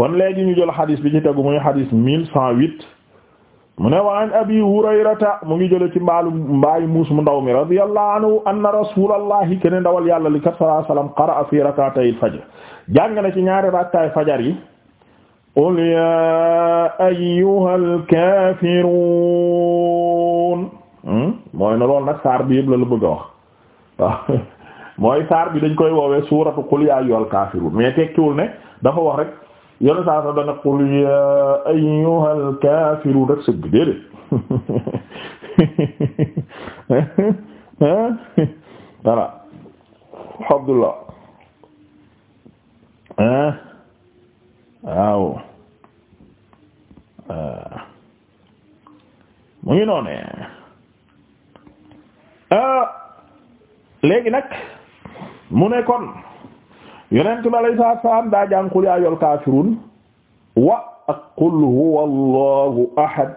kon léegi ñu jël xadis bi ci tegu muy xadis mille cent huit mu ne waan abi hurayrata mu ngi jële ci mbaalu mbaayu muus mu ndaw mi radiyallahu anhu anna kene ndawal yàlla li kat sallallahu alayhi wasallam qara'a fi rak'atayil fajr jàng na ci ñaari rakkaay fajar yi qul ya ayyuhal hmm? mooy ne loolu nag saar bi yëpp la la bëgg wax mooy saar bi dañ koy woowee suuratu qul ya ayyuhal kaafiruun mais tekkiwul ne dafa wax rek yone saa sa dana qul ya ayyuhal kaafiru rek sëgg déedéet voilà Abdullah waaw mu ngi noonu ah, léegi nag mu ne kon yonent bi alayhi salaatu salaam daa jàng qul yaa ayyuhal wa ak qul huwa ahad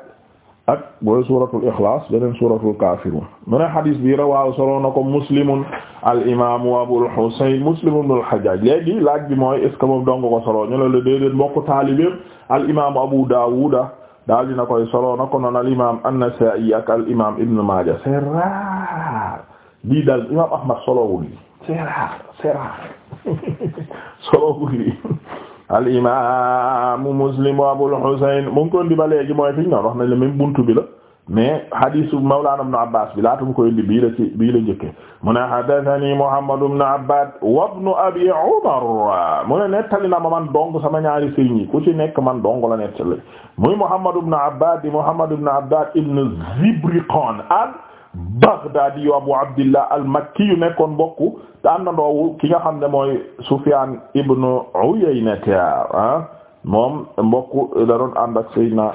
ak booy suuratul ikhlaas beneen suuratul kaafiruun mu xadis bi rawaahu solo na ko muslimun al imaamu abul muslim ibnul hajjaaj léegi laaj bi mooy est ce moom dong ko solo ñu ne la déedéet mbokk taalibeem abu daawuda daal dina koy solo na ko noonu al imaam an-nasaa'i maaja c'est rare lii imaam ahmad solowul c'est solo bu al imaamu muslim wa abul husayn mu ngi ko indi ba mooy fiñ noonu wax nañ la même buntu bi la mais hadisu mawlana ibn abbas bi laata mu koy indi bii la ci bii la njëkke mu ne muhammad ibn abbad wa ibn abi umar mu nettali na ma man dong sama ñaari sëriñ ku ci nekk man dong la nettali muy muhammad ibn abbad di muhammad ibn abbad ibn zibriqan al Baghdaadi yu Abu Abdillah al-Makki yu nekkoon bokk te am ki nga xam ne mooy Sufyaan ibn Uyayna ah moom mbokk da doon ànd ak Seydina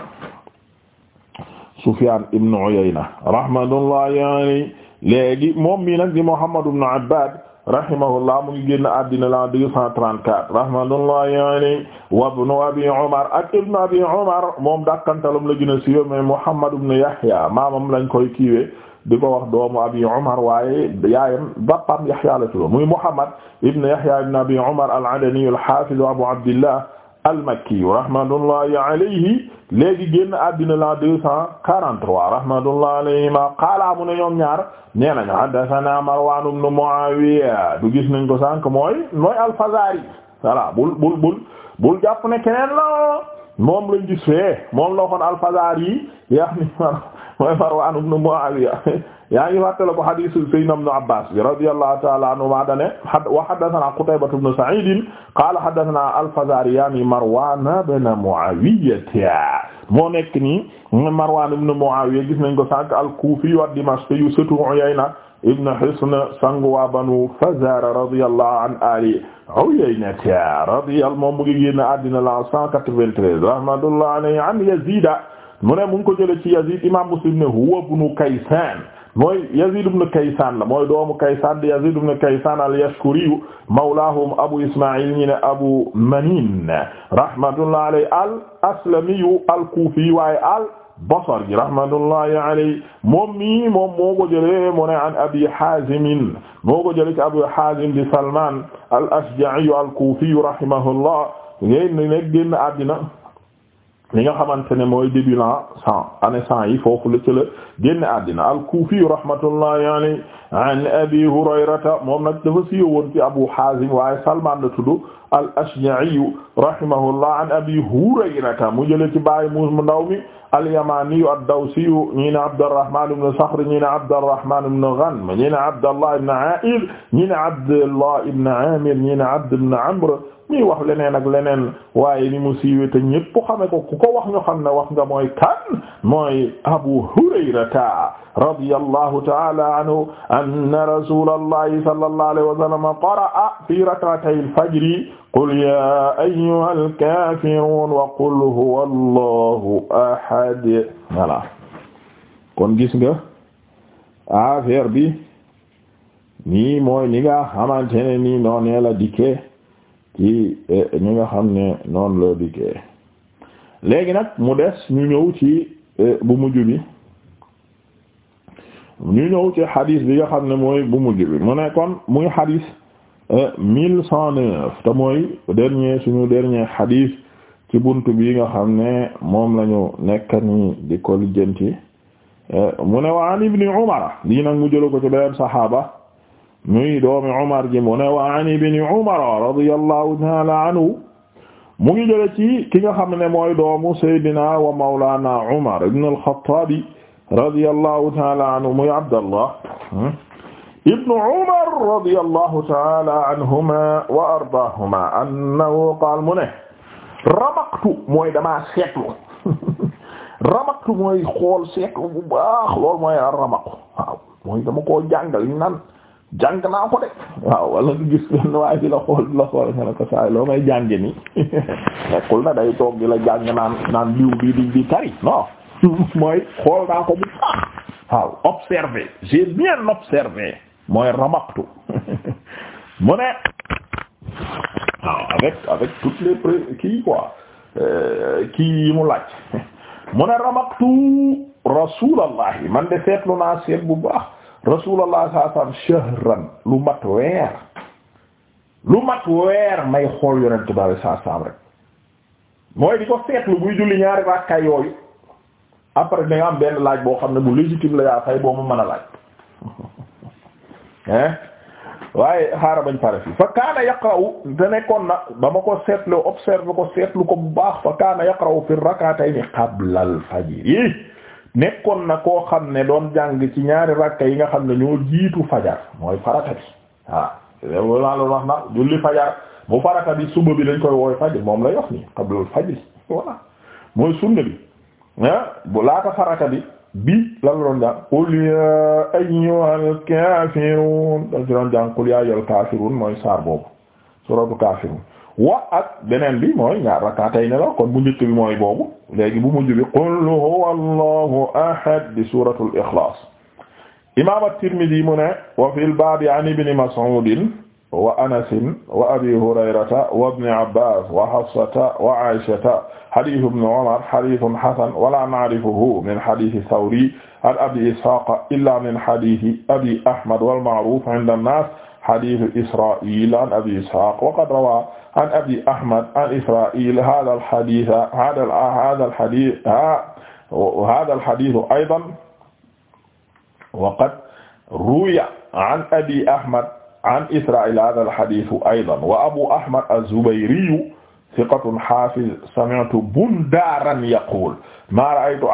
Sufyaan ibn Uyayna rahmatullahi alayhi léegi moom mii nag di Muhammad ibn Abbad rahimahullah mu ngi génn àddina la 234 rahmatullahi alayhi wa ibn Abi Umar ak ibn Abi moom dàkkantalam la gën a siiwe mais Muhammad ibn Yahya maamam lañ koy kiiwe di ko wax doomu abi Umar waaye yaayam bappam Yahya la tudd muy Muhammad ibn Yahya ibn abi Umar al-Adani al-Hafiz Abu Abdillah al-Makki rahmatullahi alayhi léegi génn àddina la 243 rahmatullahi alayhima qaala mu ne ñoom ñaar nee nañu haddathana Marwan ibn Muawiya du gis nañ ko sànq mooy mooy al-Fazari voilà bul bul bul ne keneen la moom lañ gis fee moom la al-Fazari yi mooy Marwaan ibn Muawiya yaa ngi fàttale ko hadiisu Sayyidina Ibn Abbaas bi radiyallahu ta'ala anhumaa dane wa haddathanaa Qutaybatu ibn Sa'iid qaala haddathanaa al-Fazaari yaani Marwaan ibn Muawiya moo nekk nii Marwaan ibn Muawiya gis nañ ko sànq al-Kuufi wa Dimashqi yu sëtu Uyayna ibn Hisn sangu waa Banu Fazaara radiyallahu an aali Uyayna radiyallahu moom mu ngi génn àddina la 193 rahmatullahi alayhi an Yaziid mu ne mu ngi ko jëlee ci Yazid imam Muslim ne huwa ibn Kaysan mooy Yazid ibn Kaysan la mooy doomu Kaysan di Yazid ibn Kaysan al-Yashkuri mawlahum Abu Isma'il ñi ne Abu Manin rahmatullahi alayhi al-Aslami al-Kufi waaye al-Basri rahmatullahi alayhi moom mi moom moo ko jëlee mu ne an Abi Hazim moo ko jëlee ci Abu Hazim di Salman al-Ashja'i al-Kufi rahimahullah génn àddina li nga xamante ne mooy début l'an cent année cent yi foofu la ci la génne àddina al-Kufi rahmatullahi alayhi an Abi Hurayrata moom nag dafa siiw woon ci Abu Hazim waaye Salman la tudd al-Ashja'i rahimahullah an Abi Hurayrata mu jële ci bàyyi muus mu ndaw mi al-Yamaniyu ad-Dawsiyu ñi ne Abdurrahman ibn Sakhr ñi ne Abdurrahman ibn Ghanm ñi ne Abdallah ibn A'il ñi ne Abdallah ibn Amir ñi ne Abd ibn Amr mi wax leneen ak leneen waaye ni mu siiwee te ñépp xame ko ku ko wax ñu xam ne wax nga mooy kan mooy Abu Hurayrata radiyallahu ta'ala anhu anna rasulallahi sallallahu alayhi wa sallam qara'a fi rak'atay al-fajri qul ya ayyuhal kafirun wa qul huwallahu ahad hadi voilà kon gis nga affaire bi nii mooy ni nga xamante ne nii noonee la dikkee ci ñi eh, nga xam ne noon la dikkee léegi nag mu des ñu ñëw ci eh, bu mujj bi ñu ñëw ci xadis bi nga xam ne mooy bu mujj bi mu ne kon muy xadis eh, mille cent neuf te mooy dernier suñu dernier xadis ci buntu bi nga xam ne moom lañu nekk ni di ko lijjanti eh, mu ne wa an ibni umar lii nag mu jëlo ko ci beneen saxaaba ta'ala anhu mu ngi jële ci ki nga xam ne mooy doomu saydina wa mawlana umar ibn al-khattab radiyallahu ta'ala anhu muy abdallah hmm? ibnu umar radiyallahu ta'ala anhuma wa ardaahuma annahu qaal mu ne ramaqtu mooy dama seetlu ramaqtu mooy xool seetlu bu baax loolu mooy ramaqu waaw mooy dama ko jàngal ñu naan jàng naa ko de waaw wala nga gis benn waaye di la xool di la xool nga ko saa loo may jànge nii nekkul na day toog di la jàng naan naan liw bi di di tari non mooy xool naa ko bu baax waaw observé j'ai bien observé mooy ramaqtu mu ne waaw avec avec toutes les pré kii quoi euh, kii yi mu laaj mu ne ramaqtu rasulallahi man de seetlu naa seet bu baax rasulullah sallallahu alayhi wasallam shahran lu mat weer lu mat weer may xool yonent bi alayhi salaam rek mooy di ko seetlu buy julli ñaari rakka yooyu après da nga am benn laaj boo xam ne bu légitime la yaa fay boo mu mën a laaj hein waaye xaaral bañ pare fii fa kaana yaqra'u te nekkoon na ba ma ko seetlu observe ko seetlu ko bu baax fa kaana yaqra'u fi rak'atayni qabla al-fajr nekkoon na koo xam ne doon jàng ci ñaari rakka yi nga xam ne ñoo jiitu fajar mooy farata bi ah loolu laa wax na julli fajar bu farata bi suba bi dañ koy wooy fajr moom la yox nii qabla al-fajr voilà mooy sunna bi ah bu laata farata bi. bi la doon jàng qul ya ayyuhal kaafiruun da mooy saar boobu suratu kaafiruun wa beneen bi mooy ñaar rakaatay ne kon bu bi mooy boobu léegi bu mujj bi qul huwa allahu ahad di suratul ixlaas imaam at-Tirmidhi mu ne wa fil baabi an ibni Mas'uudin wa anasin wa abi hurayrata wa ibni abbas wa hafsata wa aishata hadith ibn umar hadithun hasan wala na'rifuhu min hadith thawri an abi ishaqa illa min hadith abi ahmad wal ma'ruf 'inda an-nas hadith isra'il an abi ishaq wa qad rawa an abi ahmad an isra'il hadha al-hadith hadha al-hadith hadha al-hadith aydan wa qad ruwiya an abi ahmad an Israa'il haaza al-hadiis aydan wa Abu Ahmad az-Zubayri siqatun haafiz sami'tu Bundaaran yaquul maa ra'aytu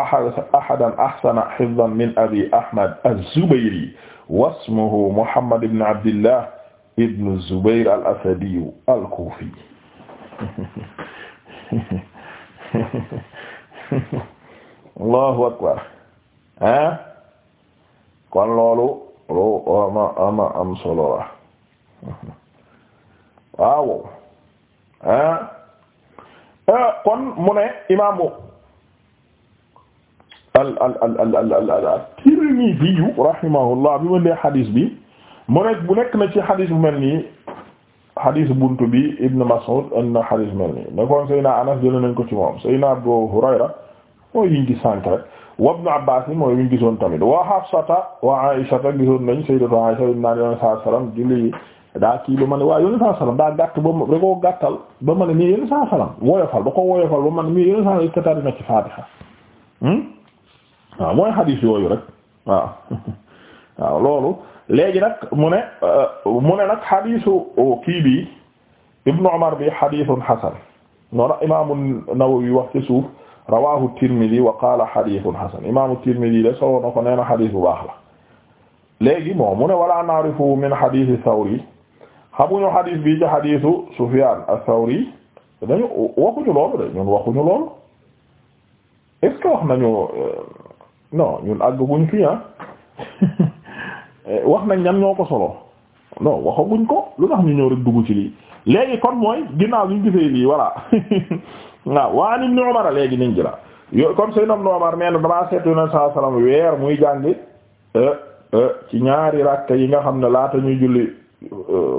ahadan ahsana hifzan min Abi Ahmad az-Zubayri wa ismuhu Muhammad ibn Abdillah ibn Zubayr al-Asadi al-Kufi Allahu akbar ah kon loolu lu ama ama am solo waaw ah. ah kon mu ne imaamu al al al al al al Tirmidhi rahimahullah bi ma dee xadis bi mu ne bu nekk na ci xadis bu mel nii xadis bunt bi Ibn Mas'ud am na xadis mel nii ne kon Seydina Anas jëlee nañ ko ci moom Seydina Abu Hurayra mooy yiñ gis sànq Ibn Abbas ni mooy yiñ gisoon tamit wa Hafsata wa Aïsata gisoon nañ Sayyidatu Aïsa ibn Nabi sallallahu alayhi julli daa kii ba ma ne waaw yónni saa salaam daa gàtt ba ma da koo gàttal ba ma ne nii yónni saa salaam woyofal da ko woyofal ba ma ne nii yónni saa salaam tari na ci faatiha hmm? waaw mooy xadiis yooyu rek waaw waaw loolu léegi nag mu ne euh, mu ne nag xadiisu oh, kii bi Ibnu Umar bi xadiisun xasan noonu imaamu Nawawi wax ci suuf rawaahu Tirmidi wa qaala xadiisun xasan imaamu Tirmidi de solo na ko nee na xadiis bu baax la léegi moom mu ne wala na'rifu min xadiisi Sawri xamuñu xadiis bi ci xadiisu Sufyaan as-Sawri dañu waxuñu loolu de ñun waxuñu loolu est wax nañu euh, non ñun àgguñ fi ah wax nañ ñan ñoo ko solo non waxaguñ ko lu tax ñu ñëw rek dugg ci lii léegi kon mooy ginnaaw ñu gisee lii voilà waaw waa ni Ibn Umar léegi niñ jëla yo comme Seydina Ibn Umar nee na damaa seetlu saa salaam weer muy jàng euh, euh, ci ñaari rakk yi nga xam ne laata ñuy julli.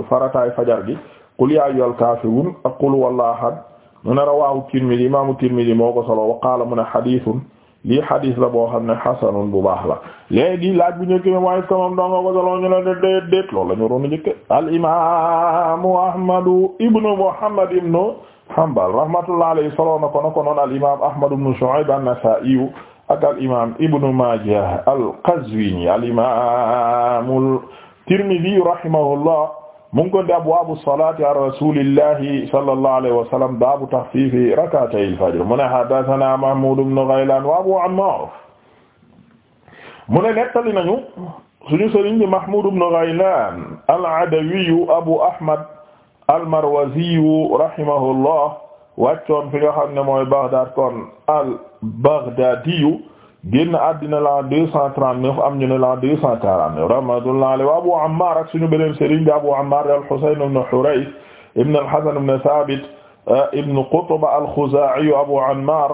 farataay fajar gi qul yaa ayyuhal kaafiruun ak qul huwallahu ahad mu ne rawaahu Tirmidi imaamu Tirmidi moo ko solo wa qaala mu ne xadiisun lii xadis la boo xam ne xasanun bu baax la léegi laaj bu njëkk mi waaye ko moom donga ko solo ñu ne de déet déet loolu la ñu waroon a njëkke al imaamu ahmadu ibnu muhammad ibnu hanbal rahmatullah alayhi solo na ko na ko noon al imaam ahmad ibnu shu'ayb an-nasaa'i ak al imaam ibnu maajah al qazwiini al imaamul Tirmidhi rahimahullah mu ngi ko di abwaabu salaati ala rasuulillahi sallallahu alayhi wa sallam baabu taxfiifi rak'atay al-fajr mu ne haddasanaa Mahmuud ibn Ghaylaan wa Abuu Ammaar mu ne nettali nañu suñu sëriñ bi Mahmuud ibn Ghaylaan al-Adawi Abu Ahmad al-Marwazi rahimahullah wàccoon fi nga xam ne mooy Baghdad kon al-Baghdadi génn àddina la 239 am ñu ne la 249 rahmatullah alayhi wa Abu Ammar ak suñu beneen sëriñ bi Abu Ammar al-Husayn ibn Hurayth ibn al-Hasan ibn Thabit euh, ibn Qutb al-Khuza'i Abu Ammar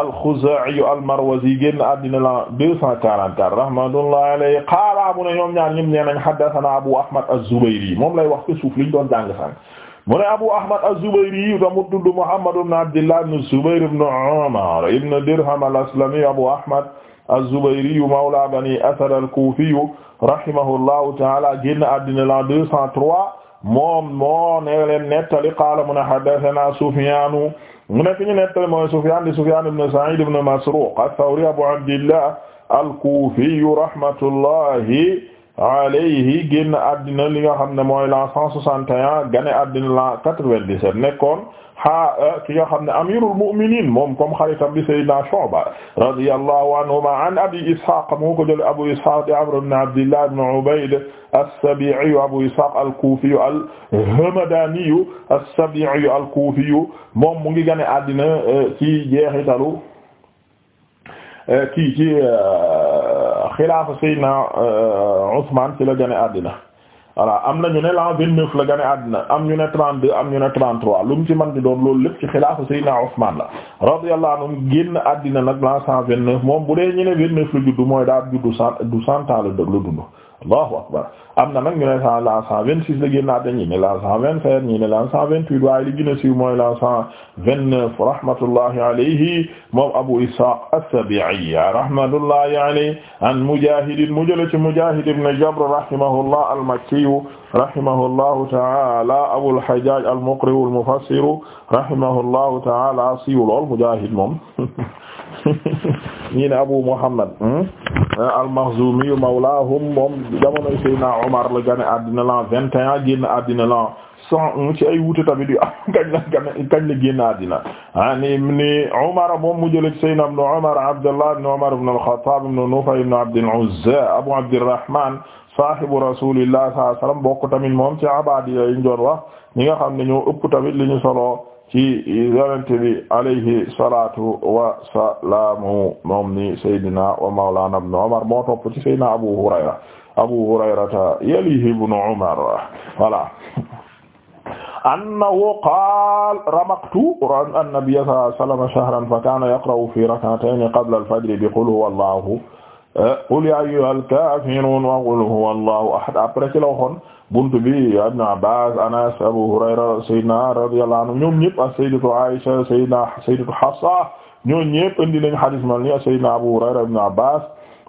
al-Khuza'i al-Marwazi génn àddina la 244 rahmatullah alayhi qaala mu ne ñoom ñaar ñim nee nañ haddathana Abu Ahmad az-Zubayri moom lay wax ci suuf liñ doon jàng sànq mu ne Abu Ahmad az-Zubayri da mu tudd Muhammad ibn Abdillah ibn Zubayr ibn Umar ibn Dirham al-Aslami Abu Ahmad az-Zubayri mawla Bani Asad al-Kufi rahimahullahu ta'ala génn àddina la 203 moom moo ne leen nettali qaala mu ne haddathana Sufyaan mu ne fi ñu nettali mooy Sufyaan di Sufyaan ibn Sa'id ibn Masruq ath-Thawri Abu Abdillah al-Kufi rahmatullahi alayhi génn àddina li nga xam ne mooy la cent soixante et un gane àddina la quatre-vingt-dix-sept nekkoon ha euh, ki nga xam ne amirul mu'minin moom comme xaritam bi sayyidina Shu'ba radiyallahu anhuma an abi ishaq moo ko jële abu ishaq di amr ibn abdillah ibn ubayd as-sabi'i abu ishaq al-kufi al-hamadani as-sabi'i al-kufi moom mu ngi gane àddina euh, ci jeexitalu kii ci euh, xilaafa Seydina euh, Ousmane ci la gane àddina voilà am na ñu ne l'an vingt-neuf la gane àddina am ñu ne trente-deux am ñu ne trente-trois lu mu ci man di doon loolu lépp ci xilaafa Seydina Ousmane la radiyallahu anhu génn àddina nag l'an cent vingt-neuf moom bu dee ñu ne vingt-neuf la juddu mooy daal juddu cent du cent ans la allahu akbar am na nag ñu ne l'an cent vingt-six la génn àddina ñi ne l'an cent vingt-sept ñi ne l'an cent vingt-huit waaye li gën a siiw mooy l'an cent vingt-neuf rahmatullahi alayhi moom Abu Ishaq as-Sabi'i rahmatullahi alayhi an Mujahid mu jële ci Mujahid ibn Jabr rahimahullah al-Makki rahimahullahu ta'ala Abul Hajjaj al-Muqri al-Mufassir rahimahullahu ta'ala siiw lool Mujaahid moom ñi ne Abu Muhammad hmm? eh, al-Makhzumi mawlaahum moom jamonoy Seydina Omar la gane àddina la 21 génn àddina la cent hmm, ci ay wuute tamit yu am kañ la kañ la génn àddina an ah, ibn Umar moom mu jële Seydina ibn Umar Abdullah ibn Umar ibn al-Khattab ibn Nufay ibn Abd al-Uzza Abu Abd al-Rahman saahibu rasuulillah sallallahu alayhi wasallam bokk tamit moom ci abadi yi ñu doon wax ñi nga xam ne ñoo ëpp tamit li ñu solo ci yonente bi alayhi salatu wa salaamu moom ni saydina wa mawlana ibn Umar moo topp ci saydina Abu Hurayra Abu Hurayrata yalihi ibn Umar voilà annahu qaal ramaqtu an-nabiyya sallallahu alayhi wasallam shahran fa kana yaqra'u fi rak'atayn qabla al-fajr bi qul huwallahu qul ya ayyuhal kaafiruun wa qul huwa allahu ahad après ci la waxoon buntu bi ibn Abbas Anas Abu Hurayra Seydina radiyallahu anhu ñoom ñëpp ak Sayyidatu Aisha Seydina Sayyidatu Hafsa ñoo ñëpp indi nañ hadis mal ni Seydina Abu Hurayra ibn Abbas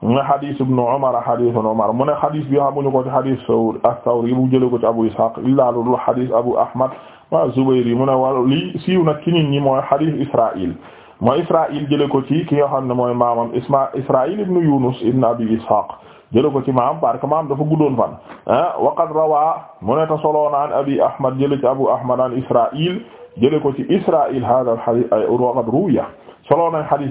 mu ne hadis ibn Umar hadis Umar mu ne hadis bi xamuñu ko ci hadis as-Sawri bu jëlee ko ci Abu Ishaq illaa lu hadis Abu Ahmad wa Zubayri mu ne wàllu lii siiw nag ci nit ñi mooy hadis Israa'il mooy Israa'il jële ko ci ki nga xam ne mooy maamam isma Israa'il ibn Yunus ibn Abi Ishaq jële ko ci maam parce que maam dafa guddoon fan ah waqad rawaa mu ne ta soloona an Abi Ahmad jële ci Abu Ahmad an Israa'il jële ko ci Israa'il hada al-hadith ay waqad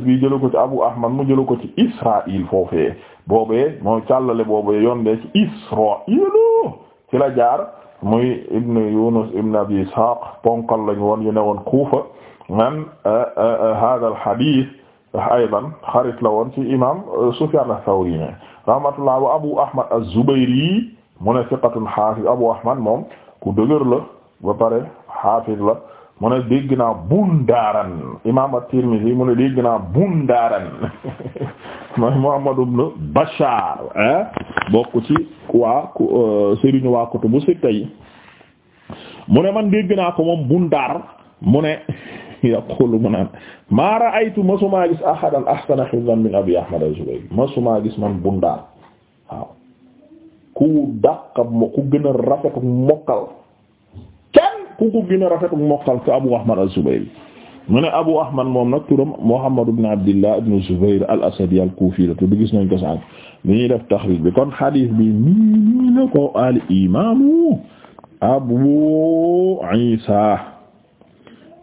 bi jële ko ci Abu Ahmad mu jële ko ci Israa'il foofee boobee mooy càllale boobee ci Israa'ilu ci jaar muy ibn Yunus ibn Abi Ishaq ponkal lañu woon yu ne woon Kufa man euh, euh, euh, hada al hadith aydan xarit la woon ci imam Sufyan ath-Thawri ne rahmatullah wa Abu Ahmad az-Zubayri mu ne thiqatun Abu Ahmad moom ku dëgër la ba pare hafiz la mu ne dégg naa Bundaaran imam at-Tirmidhi mu ne dégg naa Bundaaran mooy Muhammad ibn Bashar bokk ci waa sëriñ waa kutubu sitta yi mu ne man dégg naa ko moom Bundaar mu ne yaqulu mu naan maa ra'aytu masumaa gis ahadan ahsana hifzan min abi ahmad az-zubayri masumaa gis man bundaar waaw ku dàqa mo ku gën a rafetu mokkal kenn ku ku gën a rafetu mokkal ko abu ahmad az-zubayri mu ne abu ahmad moom nag turam muhammad ibn abdillah ibn zubayr al-asadi al-kufi la tudd gis nañ ko sànq li ñuy def taxrij bi kon xadiis bi nii nii la ko al imaamu abu isa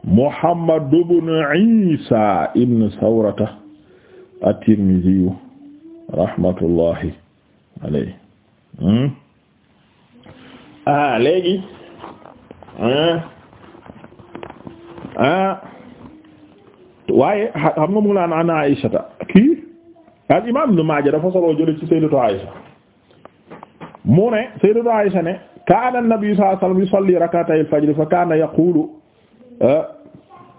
Muhammad ibn Isa ibn Sawrata at-Tirmidhi rahmatullahi alayhi hmm? ah léegi ah. ah waaye xam nga mu ngi naan ana Aysata kii al imaam Ibn Maaja dafa solo jële ci Sayyidatu Aysa mu ne Sayyidatu Aysa ne kaana an-nabiyyu sallallahu alayhi wa sallam yusalli rak'atay al-fajr fa kaana yaqulu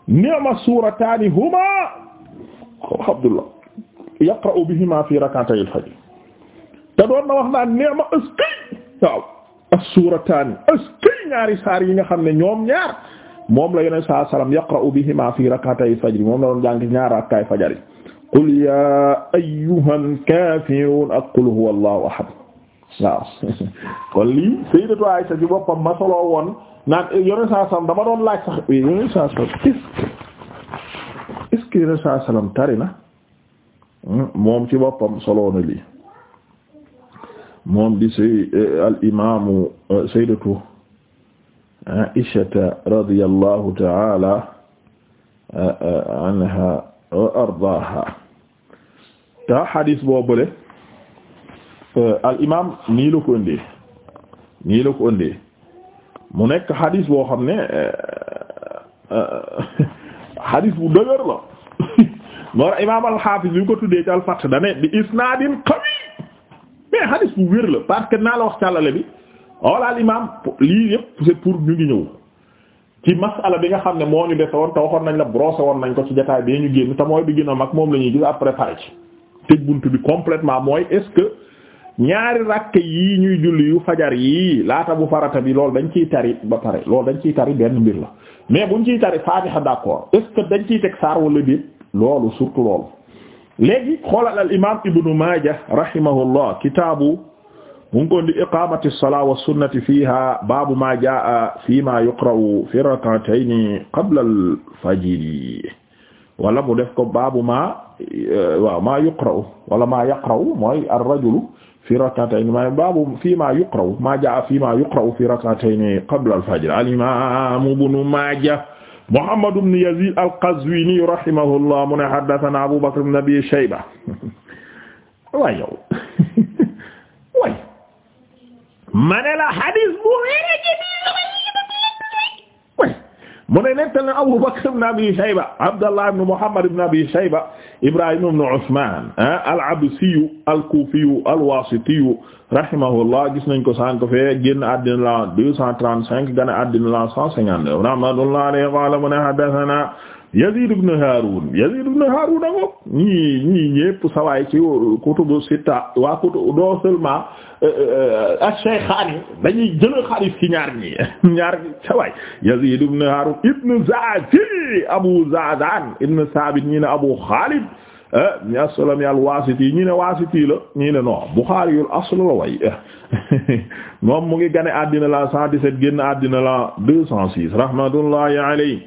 ni'ma suurataani humaa Abdullah yaqra'u bihimaa fi rak'atayil fajr te doon na wax naan ni'ma aski waaw as-suurataani aski ñaari saar yi nga xam ne ñoom ñaar moom la yonent saa salaam yaqra'u bihimaa fi rak'atayil fajr moom la doon jàng ñaar rakkaay fajar yi qul yaa ayyuhal kaafiruun ak qul huwallaahu ahad waaw kon lii Sayyidatu Aisha ci boppam ma solo woon naan yoneen saa salaam dama doon laaj sax yoneen saa salaam est-ce que yoneen saa salaam tari na hmm, moom ci boppam solo na lii moom di say eh, al imaamu eh, Sayyidatu Aisha radiyallahu ta'ala eh, anha wa ardaaha ta hadis boobule Euh, al imaam nii la ko ëndee nii la ko ëndee mu nekk xadis boo xam ne euh, euh, xadis bu dëgër la noor imaam al-Hafiz bi ko tuddee ci al-Fath dane bi isnaadin qawi mais xadis bu wér la parce que naa la wax càllale bi wala al imaam lii yëpp c'est pour ñu ngi ñëw ci masala bi nga xam ne moo ñu defe woon te waxoon nañ la brossé woon nañ ko ci jotaay bi ñu génn te mooy bi gën a mag moom la ñuy gis après pare ci tëj bunt bi complètement mooy est-ce que ñaari rakk yii ñuy julli yu fajar yii laata bu farata bi loolu dañ ciy tari ba pare loolu dañ ciy tari benn mbir la mais buñ ciy tari faatiha d'accord est-ce que dañ ciy teg saar wala déet loolu surtout loolu léegi xoolal al imam ibnu maaja rahimahullah kitaabu mu ngi ko di iqamati as-salaa wa sunnati fiha baabu ma jaa fi ma yuqra'u fi rak'atayni qabla al-fajr wala mu def ko baabu ma waaw ma yuqra'u wala ma yaqra'u mooy ar-rajulu fi rak'atayn ma baabu fi ma yuqra'u ma jaa fi ma yuqra'u fi rak'atayn qabla al-fajr al-imam ibn Majah Muhammad ibn Yazid al-Qazwini rahimahullah mu ne haddathana Abu Bakr ibn Abi Shayba waay yow waay ma ne la hadis bu wér mu ne nettali Abu Bakr ibn Abi Shayba Abdallah ibn Muhammad ibn Abi Shayba Ibrahim ibn Usman ah, al-Absiyu al-Kufiyu al-Wasitiyu rahimahullah gis nañ ko sànq fee génn àddina la 235 gane àddina la 159 rahmatullahi alayhi qala mu ne haddathana Yazid ibn Harun Yazid ibn Harun a ngoog ñii ñii ñépp sawaay ci kutubu sitta waa kutubu non seulement euh, euh, ash-shaykhaani dañuy jël xaalis ci ñaar ñi ñaar sawaay Yazid ibn Harun ibn Zaazi Abu Zaadaan ibn Saabit ñii ne Abu Xaalid eh, ñi aslam al-Waasiti ñii ne Waasiti la ñii ne non Buxaari al la way moom mu ngi gane àddina la 117 génn àddina la 206 rahmatullahi alayhi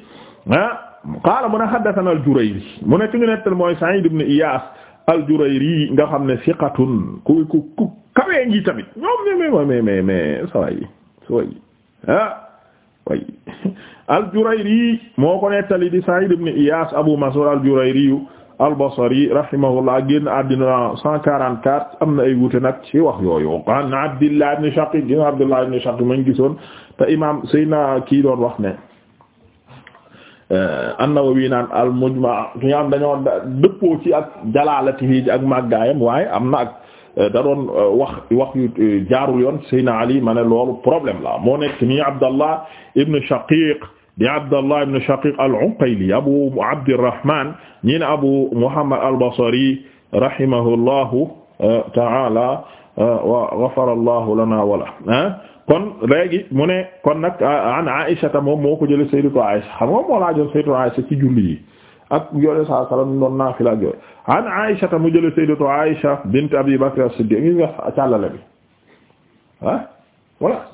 ah. qaala mu ne haddathana al-Jurayri nettal mooy Sa'id ibn Iyas al nga xam ne siqatun ku ku ku kawee ngi tamit ñoom mais mais saway saway ah way moo ko nettali di Sa'id ibn Iyas Abu Mas'ud al-Jurayri al-Basri rahimahullah génn àddina 144 am na ay wuute nag ci wax yooyu an Abdillah ibn Shaqiq gis Abdillah ibn mañ gisoon te imam Seyna kii doon wax ne Euh, an-Nawawi naan al-Mujma su ñu am dañoo dëppoo ci ak jalaalatihi ak màggaayam waaye am na ak euh, da doon euh, wax wax yu jaarul yoon Seydina Ali ma ne loolu problème la moo nekk nii Abdallah ibn Shaqiq di Abdallah ibn Shaqiq al-Uqayli Abu Abdirrahman ñi ne Abu Muhammad al-Basri rahimahullahu ta'ala wa ghafara Allahu lana wa lahu kon léegi mu ne kon nag an Aisha ta moom moo ko jële sayyidatu Aisha xam nga moo laa jël sayyidatu Aisha ci julli yi ak yone saa salaam doon naafila ak yooyu an Aisha ta mu jële sayyidatu Aisha bint Abi Bakr as-Siddiq ngi nga càllale bi ah voilà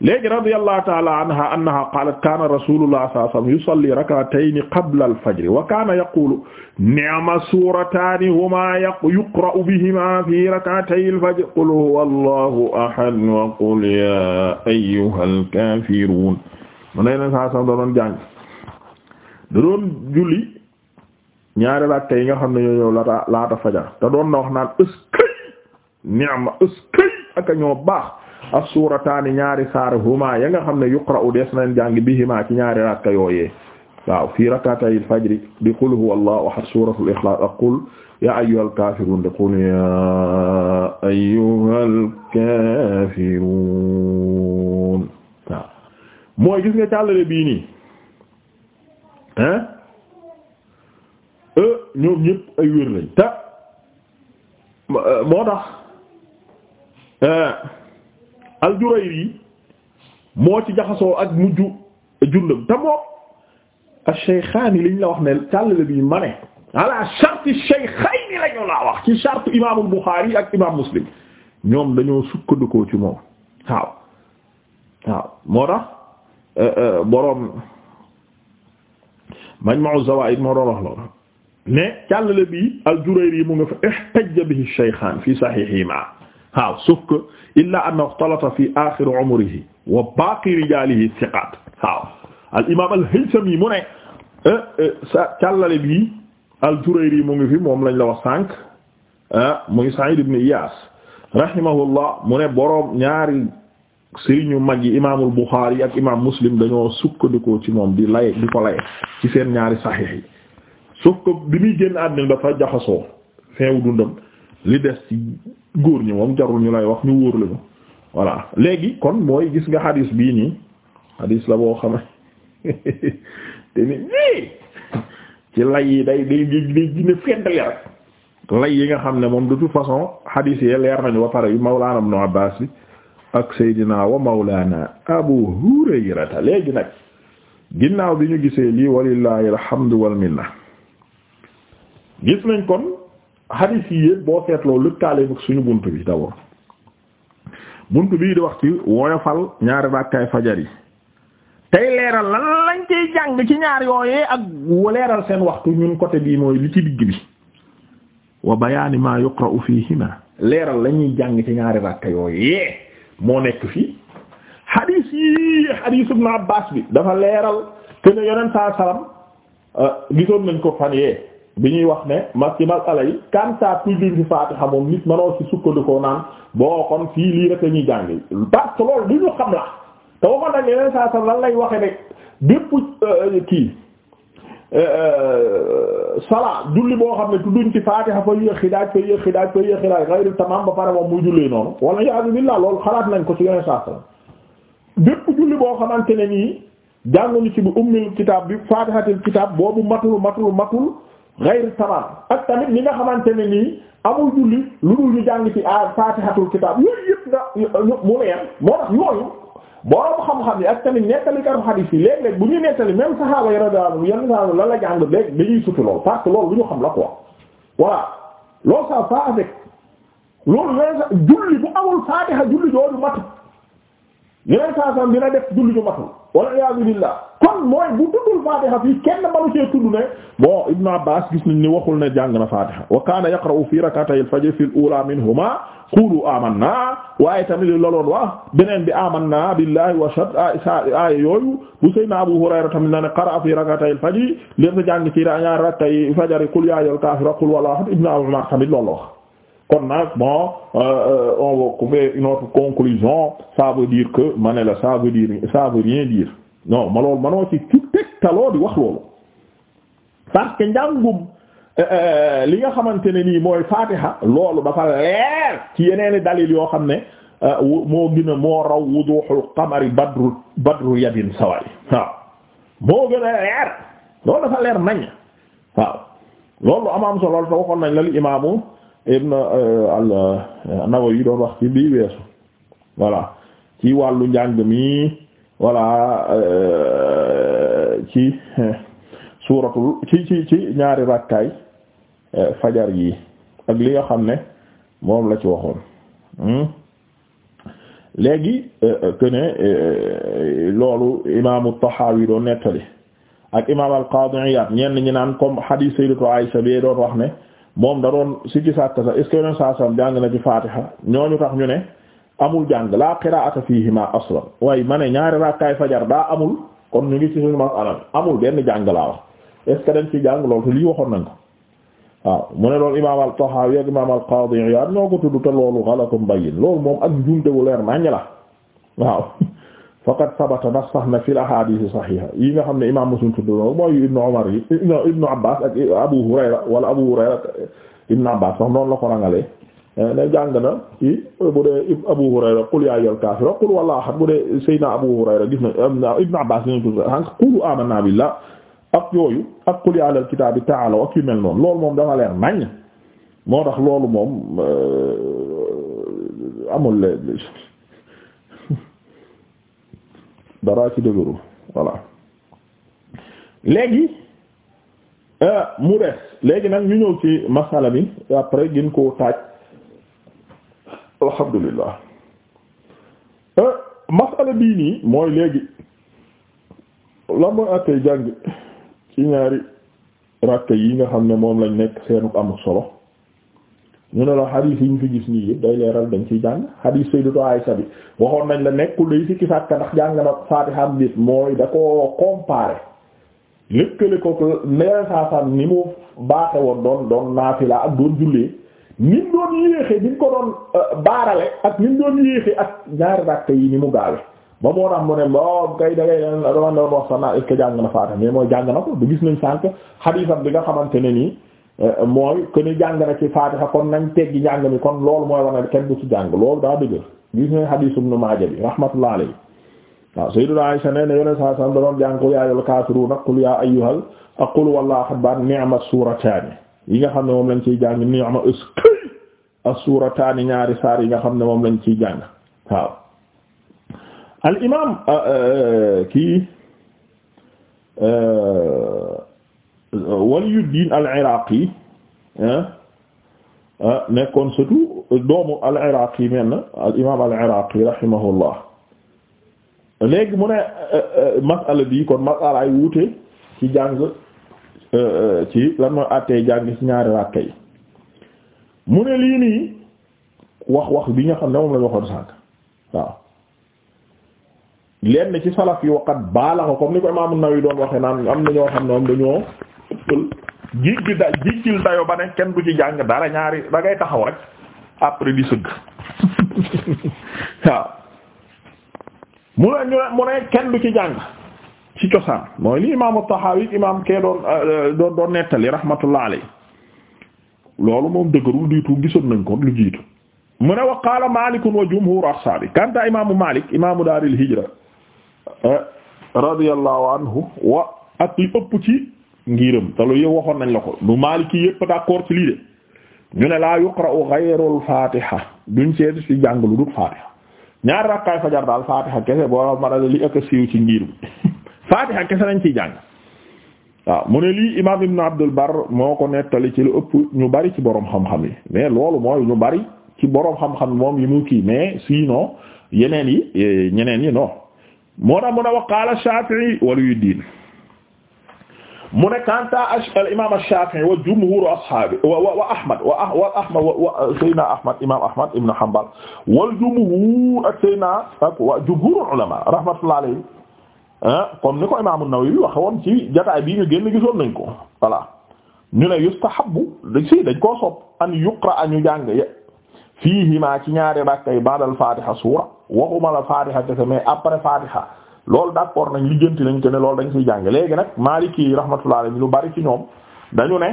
léegi radiyallahu ta'ala anha annaha qalat kana rasulullah sallallahu alayhi wasallam yusalli rak'atayn qabla al-fajr wa kana yaqulu ni'ma suratani huma yuqra'u bihima fi rak'atay al-fajr qul huwa allahu ahad wa qul ya ayyuhal kafirun mu ne leen saa sam da doon jàng da doon julli ñaari rakka yi nga xam ne ñoo ñëw laata laata fajar te doon na wax naan ëskëy ni'ma ëskëy ak ñoo baax as-suurataani ñaari saar huma ya nga xam ne yuqra'u des nañ jàng bihima ci ñaari rakka yooyee waaw fii rakatay al-fajri di qul huwa allahu ahad suuratul ikhlaas ak qul ya ayyuhal kaafiruun kaafiruun mooy gis nga càllale bii nii hein ñoom ñëpp ay wér lañ ta moo tax al-Jurayri moo ci jaxasoo ak mujj jundam te moom ash-shaykhaani liñ la wax ne tàllale bi ma ne ala sharti shaykhayni lañu laa wax ci sharti imaamul Buxaari ak imaam Muslim ñoom dañoo sukkandikoo ci moom waaw waaw moo tax euh, euh, boroom Majma'u Zawaa'id moo doon wax loolu mais tàllale bi al-Jurayri mu nga fa ihtajja bihi ash-shaykhaan fi sahiihimaa waaw sauf que illa anna ixtalata fi axir umrihi wa baaqi rijaalihi siqaat waaw al imaam al haythami mu ne eh, eh, sa càllale bi al jurayri mu ngi fi moom lañ la wax sànq ah muy sa'id ibn iyas rahimahullah mu ne boroom ñaari sëriñu mag yi imaamul buxaari ak imaam muslim dañoo sukkandikoo ci moom di lay di ko laye ci seen ñaari saxiix yi sauf que bi muy génn àddina dafa jaxasoo feewu dundam li des ci góor ñi moom jarul ñu lay wax ñu wóor lañu voilà léegi kon mooy gis nga xadis bii nii xadis la boo xam te ni ci lay yi day day day gën a fendali rek lay yi nga xam ne moom de toute façon xadis yee leer nañu ba pare bi Mawlana Ibn Abbas bi ak Seydina wa Mawlana Abu Hurayrata léegi nag ginnaaw bi ñu gisee lii walillahi alhamdu wal minna gis nañ kon. xadis yi yëpp boo seetloo lëkkaale ak suñu bunt bi d'abord bunt bii di wax ci woyofal ñaari ràkkaay fajar yi tey leeral lan lañ ciy jàng ci ñaar yooyee ak leeral seen waxtu ñun côté bii mooy li ci digg bi wa bayaani ma yuqra'u fiihima leeral la ñuy jàng ci ñaari ràkka yooyee moo nekk fii xadis yi xadis ibn Abbas bi dafa leeral te ne yonent saa salam euh, gisoon nañ ko fan yee bi ñuy wax ne ma ci masala yi kanta toujours ci Fatiha moom nit mënoo ci sukkandikoo naan boo kon fii lii rek la ñuy jàng parce que loolu du ñu xam la te waxoon nañ yeneen saa sax lan lay waxe ne bépp euh, kii euh, euh, sala julli boo xam ne tudduñ ci Fatiha fa yéex xidaaj fa yéex xidaaj fa yéex xidaaj xayru tamaam ba pare moom muy jullee noonu wala yaazu billah loolu xalaat nañ ko ci yeneen saa sax bépp julli boo xamante ne nii jànguñu ci bu ummil kitaab bi Fatihatil kitaab boobu gayri tamam ak tamit ñi nga xamante ne nii amul julli lu dul ñu jàng ci a fatihatul kitab yooyu yëpp nga mu leer moo tax yooyu borom xam-xam yi ak tamit nettalikatu hadith yi léeg-léeg bu ñuy nettali même sahaaba yi radiyallahu anhum yenn la la jàng léegi dañuy suti lool parce que loolu lu ñu xam la quoi voilà loolu ça va avec loolu julli bu amul fatiha julli jooju matu yeneen saasam dina def julli ñu matul wala iyaazu billah kon mooy bu tuddul fatiha fii kenn manu cee tudd ne bon ibnu abbas gis nañ ni waxul ne jàng na fatiha wa kaana yaqra'u fi rak'atay al-fajr fi al-ula minhuma qulu amanna waaye tamit loloon wax beneen bi amanna billahi wa shad aaya yooyu bu sayna abu hurayra tamit na ne qara'a fi rak'atay al-fajr lépp jàng ci ñaari rakkay fajari qul ya ayyuhal kaafiruun qul huwallahu ahad ibnu umar tamit loolu wax kon nag bon euh, euh, on va trouver une autre conclusion ça veut dire que ma ne la ça veut dire ça veut rien dire non ma loolu manoo ci ci tegtaloo di wax loolu parce que njàngum euh, li nga xamante ne nii mooy fatiha loolu dafa leer ci yeneeni dalil yoo xam ne moo gën a moo raw wuduhul qamari badru badru yabin sawaay waaw moo gën a leer loolu dafa leer nañ waaw loolu am am solo te waxoon nañ la li imaamu ibn euh, an-Nawawi euh, doon wax ci bii weesu voilà ci wàllu njàng mi voilà euh, ci suuratul ci ci ci ñaari rakkaay fajar yi ak li nga xam ne moom la ci waxoon hmm? léegi que ne loolu imaamu yi doon nettali ak imaam al-Qaadi Iyaad ñenn ñi naan comme hadith Sayyidatu Aisha bi doon wax ne moom da doon si gi sàkk sax est jàng na ci fatiha ñooñu tax ñu ne amul jàng la qiraata fihima aslan waaye ma ne ñaari rakkaay fajar daa amul kon ñu ngi ci suñu masala amul benn jàng laa wax est ce ci jàng loolu te lii waxoon nañ ko waaw mu ne loolu imam al-Tahawi ak imam al-Qadi Iyad ñoo ko tudd te loolu xalatum bayin loolu moom ak njuumte leer naññ la waaw faqad sabata ndax sax na fil ahadith sahiha yi nga xam ne imam Muslim tudd loolu mooy ibnu Umar yi ibnu Abbas ak Abu Hurayra wala Abu Hurayra ibnu Abbas sax noonu la ko rangalee eh, ne jàng na ci bu dee Abu Hurayra qul yaa ayyuhal kaafiruun qul wallaahu ahad bu dee Seydina Abu Hurayra gis na ibnu Abbas nañ tudd an qulu aamanna billah ak yooyu ak qul yaa ahlal kitaabi ta'aalaw ak yu mel noonu loolu moom dafa leer nañ moo tax loolu moom eh, amul daraa ci dëgërul voilà léegi euh, mu des léegi nag ñu ñëw ci masala bi après gën koo taaj alhamdulillah euh, masala bii nii mooy léegi la mooy àttee jàng ci ñaari rakk yi nga xam ne moom lañ nekk seenu amul solo ñu ne la xadiis yi ñu fi gis nii yëpp day leeral dañ ciy jàng xadiis Sayyidatu Aysa bi waxoon nañ la nekkul day sikki sàkka ndax jàng na Faatiha bi mooy da ko comparé ko leeral ni mu baaxe woon doon doon ak doon jullee ko doon euh, baarale ak ni mu yi ni mu gaawe ba moo tax mu ne ba kay da ngay dama doon wax sax naa est jàng na Faatiha mais mooy jàng na ko du gis nañ sànk xadiisam bi nga xamante ne nii Euh, mooy que ni jàng na ci faatiha kon nañ teggi njàng mi kon loolu mooy wane kenn du ci jàng loolu daa dëgër gis nga xadiis Ibnu Maaja bi rahmatullah alayhi waaw Sayyidatu Aysa nee na Yonent saa sallam da doon jàng qul yaa ayyuhal kaafiruun qul yaa ayyuhal ak qul wallaahu ahad ba ni'ma suurataani yi nga xam ne moom lañ ciy jàng ni'ma as-suurataani ñaari saar yi nga xam ne moom lañ ciy jàng waaw al imaam kii. Waliyuddin al-Iraqi nekkoon surtout doomu al-Iraqi men al-imaam al-Iraqi rahimahullah léegi mu ne euh, euh, masala bi kon masala ay wuute ci jàng euh, ci lan mooy àttee jàng ci ñaari ràkke yi mu ne lii nii wax wax bi nga xam ne moom lañu waxoon sànk waaw lenn ci salaf yi waqat baalaxa comme ni ko Imaam an doon waxe naan am na ñoo xam ne moom dañoo jiggi da jiggil dayo ba ne kenn du ci jàng dara ñaari da taxaw rek après di sëgg waaw mu ne ñu mu ne kenn du ci jàng ci cosaan mooy li Imaam At-Tahawi imaam kee doon euh, doon nettali rahmatullah alayhi loolu moom dëgërul diitu gisoon nañ ko lu jiitu mu ne wa qaala Maalikun wa jumhuur ashaabi kanta imaamu Maalik imaamu daaril hijra Eh, radiyallahu anhu wa ak li ëpp ci ngiram te lu waxoon nañ la ko lu Maliki yëpp d'accord ci lii de ñu ne laa yuqra'u ghayrul fatiha duñ seeti ci jàng lu dul fatiha ñaar rakkaay fajar daal fatiha kese boo mën a li ëkk ci ngir bi fatiha kese lañ mu ne lii imaam ibn Abdul Bar moo ko nettali ci lu ëpp ñu bari ci borom xam-xam yi mais loolu mooy ñu bari ci borom xam-xam moom yi mu kii mais sinon yeneen yi eh, ñeneen yi non moo tax mu ne wa qaala Shaafi'i waliyu diin mu ne kanta al imaam Shaafi'i wa jumhuuru ashaabi wa Ahmad wa Ahmad wa Seydina Ahmad imaam Ahmad ibn Hanbal wal jumhuur ak Seydina ak wa jumhuurul ulamaa rahmatullahi alayhi ah, comme ni ko imaam an-Nawawi waxe woon ci jotaay bii ñu génn gisoon nañ ko voilà ñu ne yustahabbu dañ si dañ koo sopp an yuqra ñu jàng fiihimaa ci ñaari rakkay ba'da al-Faatiha suura waxuma la fatiha kese mais après fatiha loolu d'accord nañ lijjanti nañ te ne loolu dañ ciy jàng léegi nag Maliki yi rahmatullah alayhi lu bari ci ñoom dañu ne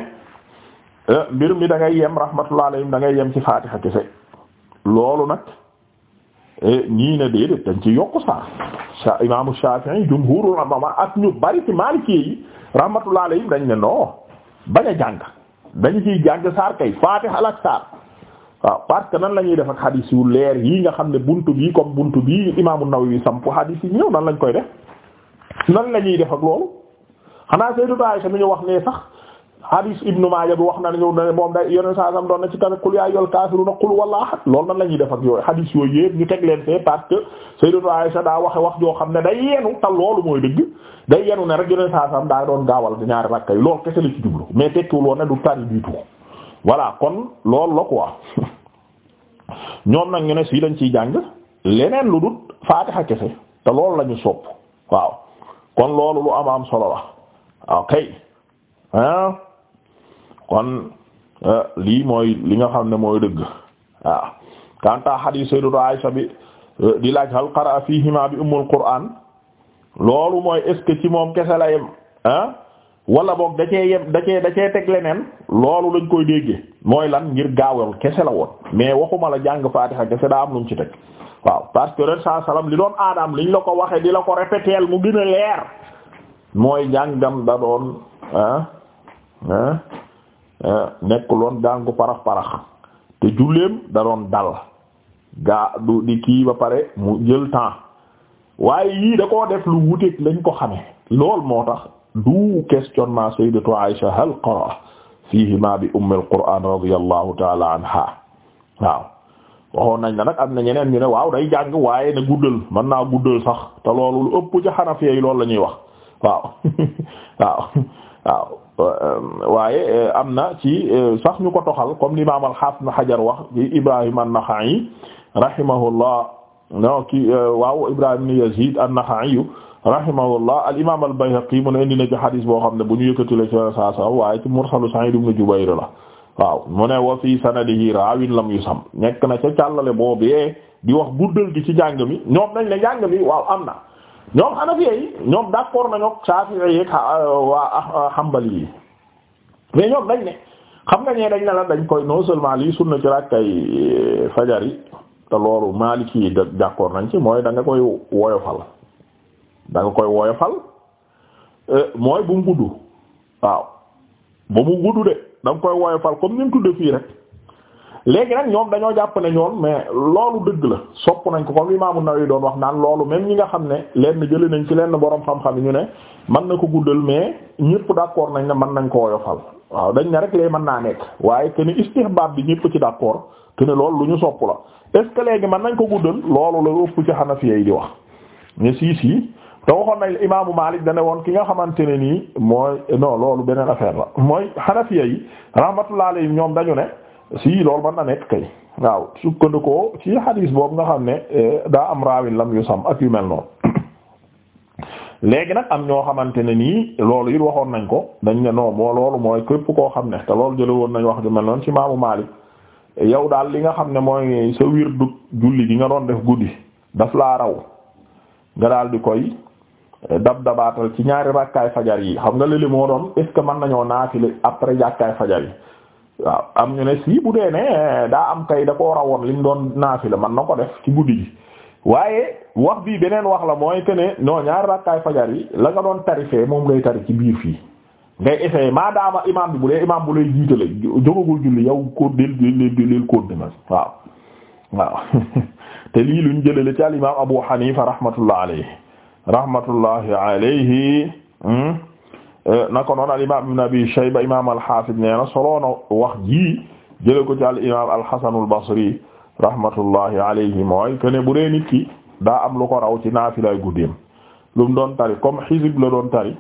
euh, mbir mi da ngay yem rahmatullah alayhi da ngay yem ci fatiha kese loolu nag eh, ñii ne déedéet dañ ci yokk sax imaamu Shafi'i jumhurul ulama ak ñu bari ci Maliki yi rahmatullah alayhi dañ ne non bañ a jàng dañu ciy jàng saar kay fatiha ak saar waaw parce que nan la ñuy def ak xadiis yu leer yi nga xam ne buntu bi comme buntu bi imaamu Nawawi samp xadiis yi ñëw nan lañ koy def nan la ñuy def ak loolu xanaa Sayyidatu Aisha ñu wax ne sax xadiis Ibnu wax na ñu moom day yeneen saa sam doon na ci tamit qul yaa ayyuhal kaafiruuna qul wallaahu ahad ñuy def ak yooyu xadiis yooyu yëpp ñu teg leen fee parce que Sayyidatu Aisha daa waxe wax joo xam ne day yenu te loolu mooy dëgg day yenu ne rek yeneen saa sam daa doon gaawal ñaari rakka yi loolu kese la ci jublu mais tekkiwul woon ne du tari du tout voilà kon loolu la quoi ñoom nag ñu si lañ ciy jàng leneen lu dut faatiha kese te loolu lañu ñu sopp waaw kon loolu lu am am solo la ok ah kon euh, lii mooy li nga xam ne mooy dëgg waaw kanta hadith sayyidatu Aisha bi euh, di laaj hal qara'a fihima bi ummul qur'an loolu mooy est ci moom kese la ah wala boog da cee yem da cee da cee teg leneen loolu lañ koy déggee mooy lan ngir gaawal kese la woon mais waxuma la jàng faatiha kese daa am lu mu ci teg waaw parce que ren saa salaam li doon aadaam liñ la ko waxee di la ko répéteel mu gën a leer mooy jàngam da doon ah ah, ah nekkul woon jàngu parax parax te julleem da doon dal gaa du di kii ba pare mu jël temps waaye yii da koo def lu wuteeg lañ ko xamee loolu moo tax. du questionnement sayyidatu Aisha hal qara fihima bi ummil qur'an radiyallahu ta'ala anha waaw waxoon nañ la nag am na ñeneen ñu waaw day jàng waaye ne guddal mën naa guddal sax te loolu lu ëpp ci Hanafi yi loolu la ñuy wax waaw euh, waaye euh, am na ci euh, sax ñu ko toxal comme l'imam al-Hafiz Ibn Hajar wax ci Ibrahim an-Nakha'i rahimahullah non ki euh, waaw Ibrahim ibn Yazid an-Nakha'i rahimahullah al-imam al-Bayhaqi mu ne indi na ci xadis boo xam ne bu ñu yëkkati la ci saa saa waaye ci mursalu Sa'id ibn Jubayr la waaw mu ne wa fii sanadihi raawin lam yusam nekk na ca càllale boobee di wax guddal gi ci jàng mi ñoom dañ ne njàng mi waaw am na ñoom Hanafi yi ñoom d'accord nañu ak Shafi'i yi waa ah, ah, Hanbali yi mais ñoom dañ ne xam nga ñee dañ ne la dañ koy non seulement lii sunna ci rakkay euh, fajar yi te loolu Maliki yi d'accord nañ ci mooy da nga koy woyofal da nga koy woyofal euh, mooy bu mu gudd waaw bu mu gudd de da nga koy woyofal comme ni mu tudd fii rek léegi nag ñoom dañoo jàpp ne ñoom mais loolu dëgg la sopp nañ ko comme Imaamu Nawawi doon wax naan loolu même ñi nga xam ne lenn jëli nañ ci lenn boroom xam-xam yi ñu ne mën na ko guddal mais ñëpp d'accord nañ ne mën nañ ko woyofal waaw dañ ne rek lay mën naa nekk waaye que ni bi ñëpp ci d'accord que ne loolu lu ñu sopp la est-ce que léegi mën nañ ko guddal loolu la ëpp ci Hanafiya yi di wax ne sii sii te waxoon nañ imaamu Maalik dane woon ki nga xamante ne nii mooy non loolu beneen affaire la mooy Hanafiya yi rahmatullah yi ñoom dañu ne sii lool mën na nekk kay waaw sukkandikoo ci hadis boobu nga xam ne eh, daa am raawin lam yu sam ak yu mel noonu. léegi nag am ñoo xamante ne nii loolu it waxoon nañ ko dañ ne non loolu mooy képp koo xam ne te lool jële woon nañ wax ju mel noonu ci maamu Maalik yow daal li nga xam ne mooy sa wirdu julli gi nga doon def guddi daf laa raw nga daal di koy dab dabaatal ci ñaari rakkaay fajar yi xam nga léegi moo doon est ce que mën nañoo naafile après jàkkaay fajar yi waaw am ñu ne si bu dee ne daa am kay da koo rawoon li mu doon naafile man na ko def ci guddi gi. waaye wax bii beneen wax la mooy que ne non ñaari rakkaay fajar yi la nga moom lay tari ci biir fii ngay essayé maadaama imaam bi bu dee imaam bu lay jiitale jógagul julli yow ko del del del code na waaw te lii luñ jëlale ci al imaam Abu Hanifa rahmatullah alayhi rahmatullahi alayhi hmm? eh, nako noon al imaam Ibn Abi Shayba imaam al-Hafiz soloona wax ji jële ko ci al imaam al rahmatullahi alayhi mooy que ne bu dee nit ki daa am lu ko raw ci naafilaay guddeem lu mu doon tari comme xisib la doon tari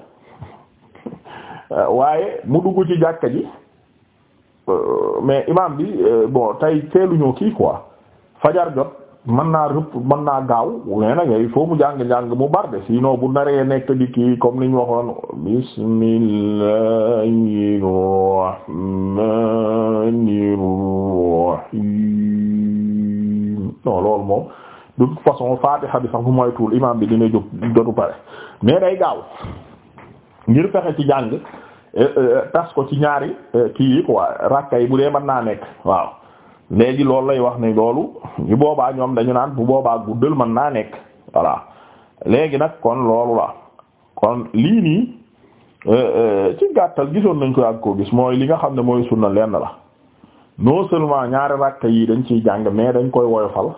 waaye mu dugg ci jàkka ji euh, mais imam bi euh, bon tey teelu ñëw kii quoi fajar jot mën naa rëpp mën naa gaaw nee na il faut mu jàng-jàng mu barde sinon bu naree nekk di kii comme ni ñu waxoon bismillahir rahmanir rahim non loolu moom de toute façon fatiha bi sax bu moytuwul imam bi dina jóg jotu pare mais day gaaw ngir fexe ci jàng eh, eh, tas ko ci ñaari eh, kii yi quoi rakka yi bu dee mën naa nekk waaw léegi loolu lay wax ne loolu ñu boobaa ñoom dañu naan bu boobaa guddal man naa nekk voilà léegi nag kon loolu la kon lii nii euh, euh, ci gàttal gisoon nañ ko ak ko gis mooy li nga xam ne mooy sunna lenn la non seulement ñaari rakka yi dañ ciy jàng mais dañ koy woyofal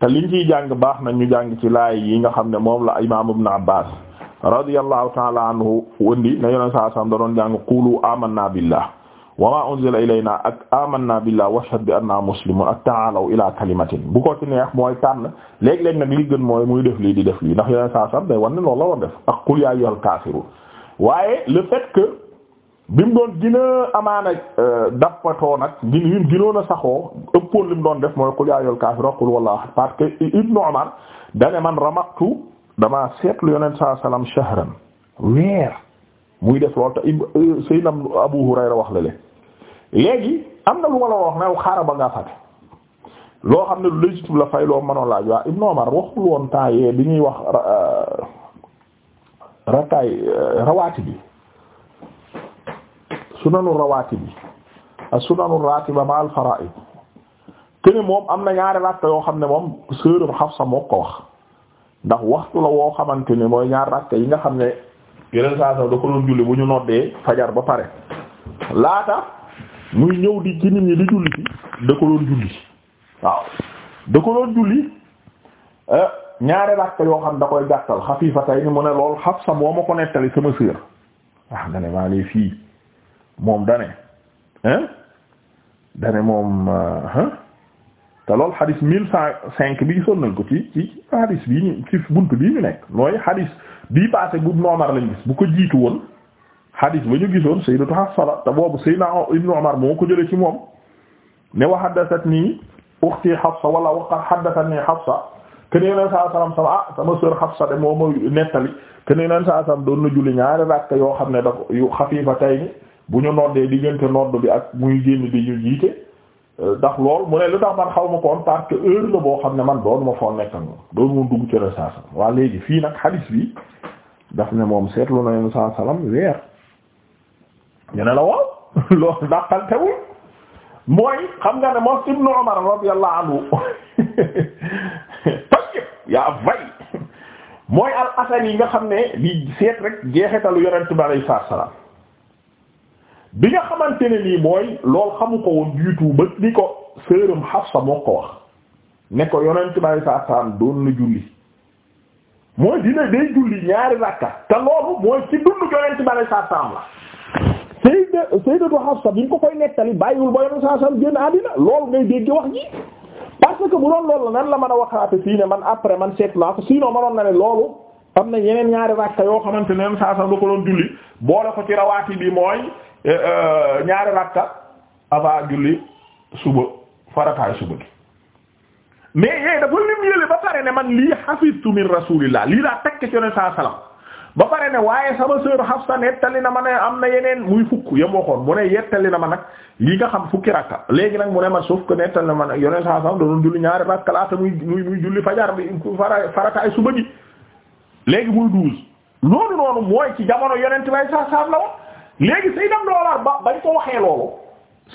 te liñ ciy jàng baax na ñu jàng ci laay yi nga xam ne moom la imaam ibn Abbaas radiyallahu ta'ala anhu wëndi na yoneen saa sam da doon jàng qulu amanna billah waa maa unzila ilayna ak amanna billah washhad bi anna muslimun ak ta'aalaw ila kalimatin bu ko ci neex mooy tànn léeg-léeg nag li gën mooy muy def lii di def lii ndax yeneen saa sax day wan ne loolu la war def ak qul yaa ayyuhal waaye le fait que bi mu doon gën a amaana euh, dappatoo nag gin saxoo ëppoon li doon def mooy qul yaa ayyuhal kaafiruun qul wallaahu ahad parce que Ibnu Umar dane man ramaqtu damaa seetlu yonent saa shahran weer muy def loolu te euh, wax léegi am na lu ma la wax ne xaaral ba ngaa fàtte loo xam ne lu légitime la fay loo mënoon laaj waa Ibn Omar waxul woon temps yee bi ñuy wax euh, rakaay euh, rawaati bi sunanu rawaati bi ak sunanu raatiba ma al fara'id kene moom am na ñaari rakka yoo xam ne moom sœuram Hafsa moo ko wax ndax waxtu la woo xamante ni mooy ñaar rakka yi nga xam ne yeneen saa saa da ko doon julli bu ñu noddee fajar ba pare laata muy ñëw di ci nit ñi di julli ci da ko doon julli waaw da ko doon julli eh, ñaari rakk yoo xam da koy gàttal xafiifa tey ni mu ne lool Hafsa moo ma ko nettali sama sœur ah dane maa lay fii moom dane hein eh, dane moom eh, te lool xadis mille cent cinq bi gisoon nañ ko ci ci xadis bii ñu ci bunt bii ñu nekk mooy xadis bii passé bu noomar lañ gis bu ko jiitu woon hadith ba ñu gisoon sayyidatu Hafsa la te boobu sayyidina Ibnu Umar moo ko jëlee ci moom ne wa nii ukhti Hafsa wala wa haddathatni Hafsa kenn yeneen saa salaam sama ah sama sœur Hafsa de moo ma nettali kenn yeneen saa salaam doon na julli ñaari rakk yoo xam ne dafa yu xafiifa tey bu ñu noddee diggante nodd bi ak muy génn di ñu jiite lool mu ne lu tax man xaw ma ko woon parce heure la boo xam ne man doon ma foon nekk ak moom doon mu dugg ci yeneen saa salaam waa léegi fii nag hadith bi daf ne moom seetlu na yeneen saa salaam weer. ñu ne la waaw loolu dàqantewul mooy xam nga ne moom Ibnu Umar radiyallahu anhu tayyib yaa vay mooy al asani yi nga xam ne li seet rek jeexitalu yonent bi sa salaam bi nga xamante ne nii mooy lool xamu ko woon du tout ni ko sëram Hafsa moo ko wax ne ko yonent bi alayhi salaam doon na julli mooy dina day julli ñaari rakka te loolu mooy ci dundu yonent bi alayhi salaam la Sayyidat Sayyidatu Hafsa bi ko koy nettali bàyyiwul ba yoonu saa sam génn àddina loolu ngay dégg wax ji parce que bu doon loolu nan la man a waxaate fii ne man après man seet naa ko sinon manoon na ne loolu am na yeneen ñaari rakka yoo xamante ne yoonu saa sam da ko doon julli boole ko ci rawaati bi mooy eh, eh, ñaari rakka avant julli suba farataay suba gi mais yee eh, dafa lim yële ba pare ne man lii hafiztu min rasulillah lii laa tekk ci yoonu saa ba pare ne waaye sama sœur Hafsa nettali na ma ne am na yeneen muy fukk yam waxoon mu ne yettali na ma nag yi nga xam fukki rakka léegi nag mu ne ma sauf que nettali na ma nag yoneen saa sam doon julli ñaari rakka laata muy muy muy julli fajar bi fara farataay suba gi léegi muy douze loolu noonu ci jamono yonent bay saa sam la woon léegi say dam doolaar ba bañ ko waxee loolu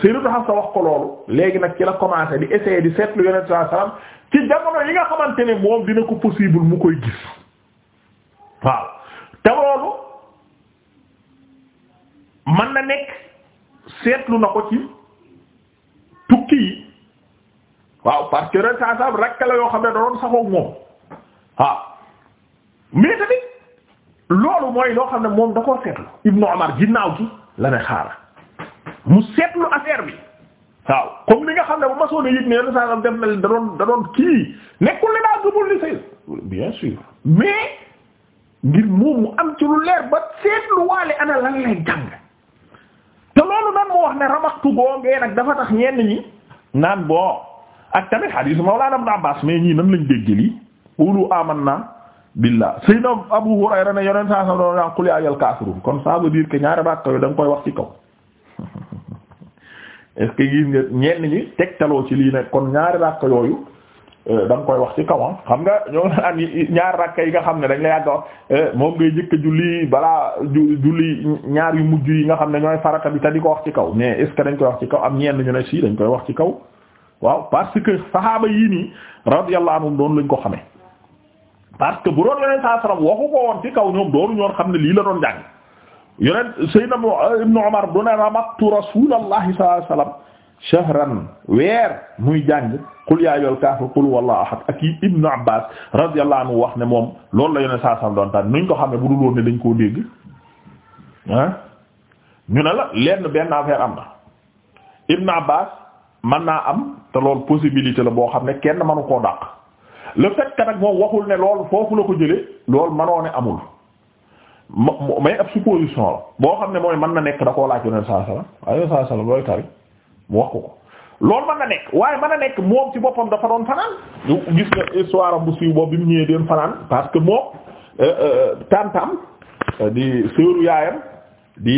Sayyidatu Hafsa wax ko loolu léegi nag ci la commencé di essayer di seetlu yonent saa sam ci jamono yi nga xamante ne moom dina ko possible mu koy gis waaw te loolu mën na nekk seetlu na ko ci tukki yi waaw parce que ren saa saa rakk la yoo xam ne da doon saxoog moom waaw mais tamit loolu mooy loo xam ne moom da koo seetlu Ibnu Umar ginnaaw gi la ne xaaral mu seetlu affaire bi waaw comme li nga xam ne bu ma soo ne ne ren saa saa def na da doon da doon kii nekkul ne daa gëmul li sëy bien sûr mais. ngir moom mu am ci lu leer ba seetlu waale ana lan lay jàng te loolu nan moo wax ne ramaxtu googee nag dafa tax ñenn ñi naan boo ak tamit xadiis Mawlaana Ibn Abbaas mais ñii nan lañ dégg lii qulu amanna si Seydina Abu Hurayra ne yoneen saa sa doon naan qul yaa kon ça veut dire ñaari ràkka yooyu da koy wax ci kaw est-ce gis nga ñenn ñi tegtaloo ci lii ne kon ñaari ràkka yooyu Euh, da nga koy wax ci kawam ah. xam nga ñoo ngi naan ñaar rakka yi nga xam ne dañ la yàgg wax ah. euh, moom ngay njëkk julli balaa julli ñaar yu mujj yi nga xam ne ñooy farata bi te di ko wax ci kaw mais est dañ koy wax ci kaw am ñenn ñu ne sii dañ koy wax ci kaw waaw parce que saxaaba yii nii radiyallahu anhum doon lañ ko xamee. parce que bu doon yeneen saa salaam waxu ko woon ci kaw ñoom doonu ñoon xam ne lii la doon jàng yeneen Seydina Ibnu Umar du ne ramattu Rasuulullahi sallallahu alayhi wasallam shahran weer muy jàng qul yaa ayyuhal kaafiruun qul huwallahu ahad ak yi ibnu abbas radiyallahu anhu wax ne moom loolu la yone saasam doon tan nuñ ko xam ne bu dul woon ne dañ koo dégg ñu ne la lenn benn affaire am na ibnu abbas man naa am te loolu possibilité la boo xam ne kenn mënu koo dàq le fait que nag moom waxul ne loolu foofu la ko jëlee loolu mënoo ne amul mais ab supposition la boo xam ne mooy mën na nekk da koo laaj yoneen saa waaye saa sallam mu wax ko loolu mën na nekk waaye man a nekk moom ci boppam dafa doon fanaan gis nga histoire am bu siiw boobu mu ñëwee doon fanaan parce que moom euh, euh, tantam euh, di sëru yaayam di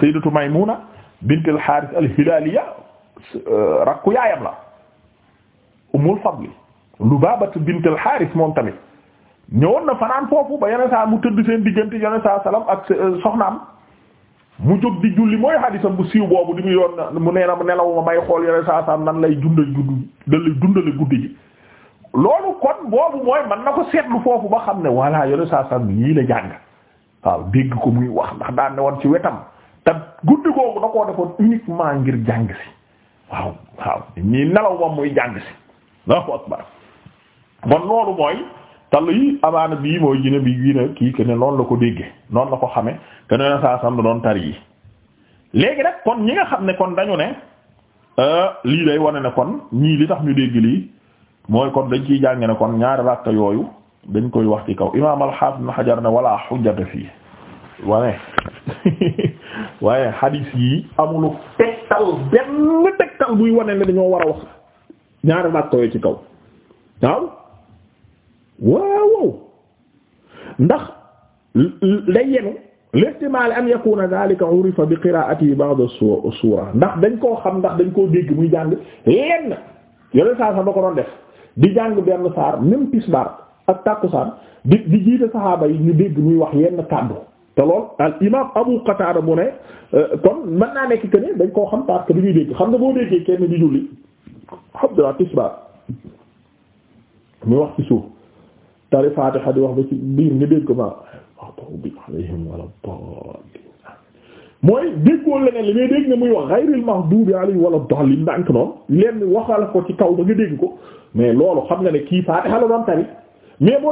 sayyidatu Maymuna bint al-Harith al-Hilaliya rakku yaayam la Ummul Fadli Lubabatu bint al-Harith moom tamit ñëwoon na fanaan foofu ba yeneen saa mu tëdd seen diggante yeneen saa salaam ak soxnaam mu jóg di julli mooy xadisam bu siiw boobu di mu yoon mu nee na nelawuma may xool yore saa saa nan lay dundal guddi dalay dundale guddi ji loolu kon boobu mooy man na ko seetlu foofu ba xam ne voilà yore saa saa lii la jàng waaw dégg ko muy wax ndax daan ne woon ci wetam te guddi googu da koo defoon uniquement ngir jàng si waaw waaw ñii nelaw moom muy jàng si Allahu akbar kon loolu mooy tal yi amaana bii mooy gine bi nag kii que ne noonu la ko dégge noon la ko xame que ne saa sam da doon tar yi léegi nag kon ñi nga xam ne kon dañu ne euh, lii day wane ne kon ñii li tax ñu dégg lii mooy kon dañ ciy jànge ne kon ñaari rakka yooyu dañ koy wax ci kaw imaam al-Hafiz Ibn Hajar ne wala xujjata fii wane waaye hadith yi amulu tegtal benn tegtal buy wane ne dañoo war a wax ñaari rakka yooyu ci kaw waaw waaw ndax day yenu l'ihtimal an yakuna dhalika urifa bi qira'ati ba'd as-sura ndax dañ koo xam ndax dañ koo dégg muy jàng lenn yore saa ko doon def di jàng benn saar même tisbaar ak tàkkusaan di di jiite saxaaba yi ñu dégg muy wax yenn kàddu te lool al imam Abu Qatada mu ne euh, kon mën naa nekk que ne dañ koo xam parce que dañuy dégg xam nga boo déggee kenn di julli Abdullah tisbaar muy wax ci suuf. tari Fatiha di wax ba ci biir nga dégg ko ma mahdubi alayhim wala daalliin mooy déggoo leneen li mais dégg nga muy wax ghayril mahdubi waxal ko ci kaw ba ko mais loolu xam nga ne kii Fatiha la doon tari mais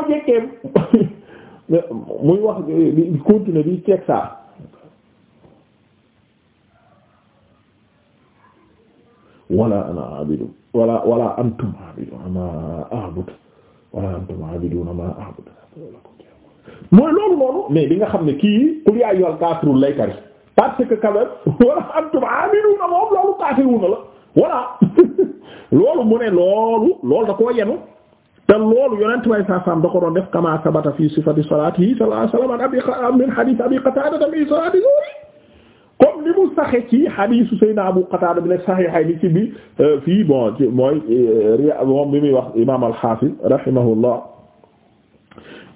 wax di continuer di ceeg saa wala ana antum abidu ama wala antum aabiduuna maa mooy loolu noonu mais bi nga xam ne kii qul yaa ayyuhal kaafiruun lay tari parce que quand wala antum aabiduuna moom loolu kaafiruuna la voilà loolu mu ne loolu loolu da koo yenu te loolu yonent way saa saam da ko def kama sabata fi sifati salaatihi sallallahu alayhi abi min hadith abi qataada fi salaati zuhri comme li mu saxe ci hadiisu Seydina Abu Qataada bi ne saxiixay ni ci bi euh, fii bon ci mooy euh, ria moom bi muy wax imaam al-Haafiz rahimahullah